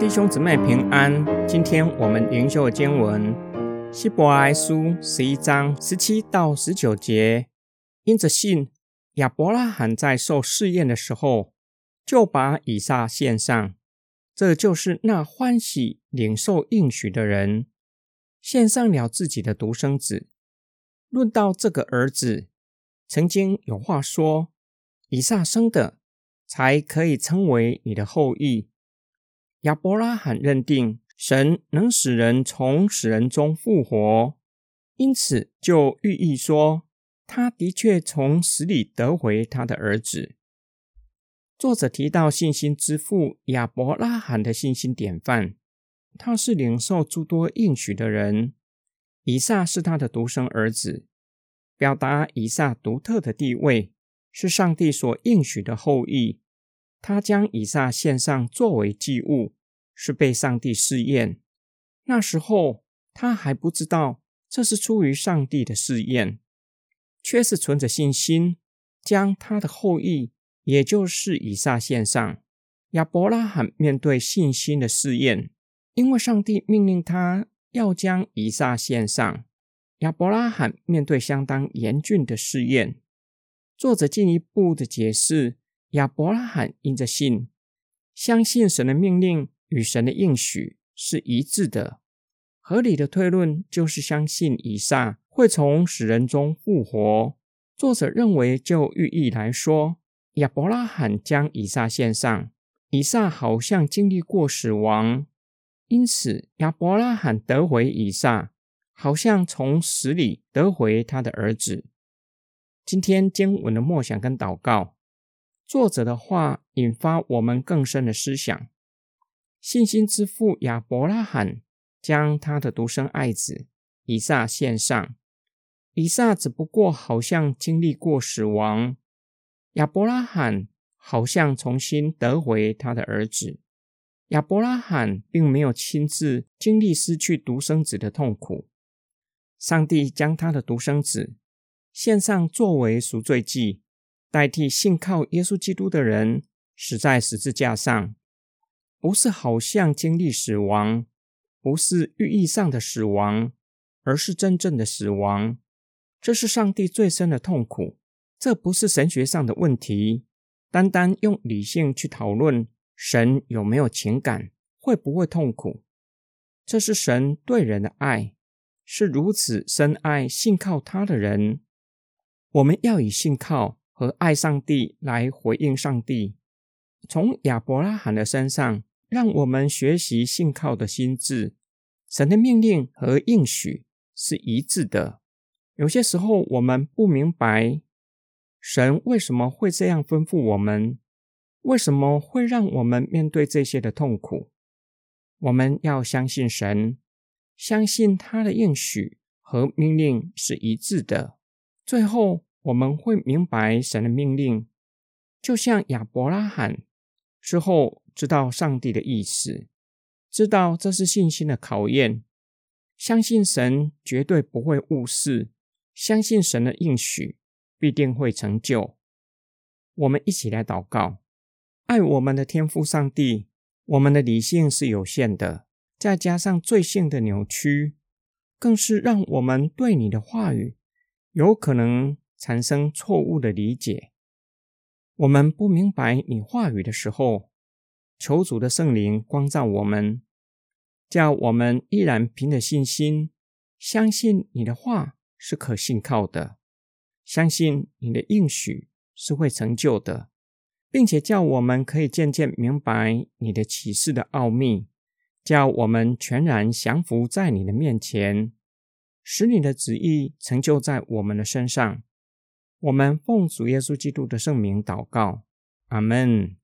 弟兄姊妹平安，今天我們靈修的經文《希伯來書》十一章十七到十九節。因着信，亞伯拉罕在受試驗的時候，就把以撒獻上，這就是那歡喜領受應許的人獻上了自己的獨生子。論到這個兒子，曾經有話說：以撒生的才可以稱為你的後裔。亞伯拉罕認定神能使人從死人中復活，因此就寓意說，他的確從死裡得回他的兒子。作者提到信心之父亞伯拉罕的信心典範，他是領受諸多應許的人。以撒是他的獨生兒子，表達以撒獨特的地位，是上帝所應許的後裔。他將以撒獻上作為祭物，是被上帝試驗。那時候他還不知道這是出於上帝的試驗，卻是存着信心將他的後裔，也就是以撒獻上。亞伯拉罕面對信心的試驗，因為上帝命令他要將以撒獻上。亞伯拉罕面對相當嚴峻的試驗。作者進一步的解釋。亞伯拉罕因着信，相信神的命令與神的應許是一致的。合理的推論就是相信以撒會從死人中復活。作者認為，就寓意來說，亞伯拉罕將以撒獻上，以撒好像經歷過死亡，因此亞伯拉罕得回以撒，好像從死裡得回他的兒子。今天經文的默想跟禱告。作者的話引發我們更深的思想。信心之父亞伯拉罕將他的獨生愛子以撒獻上。以撒只不過好像經歷過死亡。亞伯拉罕好像重新得回他的兒子。亞伯拉罕並沒有親自經歷失去獨生子的痛苦。上帝將他的獨生子獻上作為贖罪祭代替信靠耶穌基督的人死在十字架上，不是好像經歷死亡，不是寓意上的死亡，而是真正的死亡。這是上帝最深的痛苦。這不是神學上的問題，單單用理性去討論神有沒有情感，會不會痛苦？這是神對人的愛，是如此深愛信靠他的人。我們要以信靠。和愛上帝來回應上帝，從亞伯拉罕的身上，讓我們學習信靠的心志。神的命令和應許是一致的。有些時候我們不明白神為什麼會這樣吩咐我們，為什麼會讓我們面對這些的痛苦。我們要相信神，相信他的應許和命令是一致的。最後。我們會明白神的命令，就像亞伯拉罕之後知道上帝的意思，知道這是信心的考驗，相信神絕對不會誤事，相信神的應許必定會成就。我們一起來禱告，愛我們的天父上帝，我們的理性是有限的，再加上罪性的扭曲，更是讓我們對你的話語有可能。產生錯誤的理解。我們不明白你話語的時候，求主的聖靈光照我們，叫我們依然憑着信心，相信你的話是可信靠的，相信你的應許是會成就的，並且叫我們可以漸漸明白你的啟示的奧秘，叫我們全然降服在你的面前，使你的旨意成就在我們的身上。我們奉主耶穌基督的聖名禱告，阿門。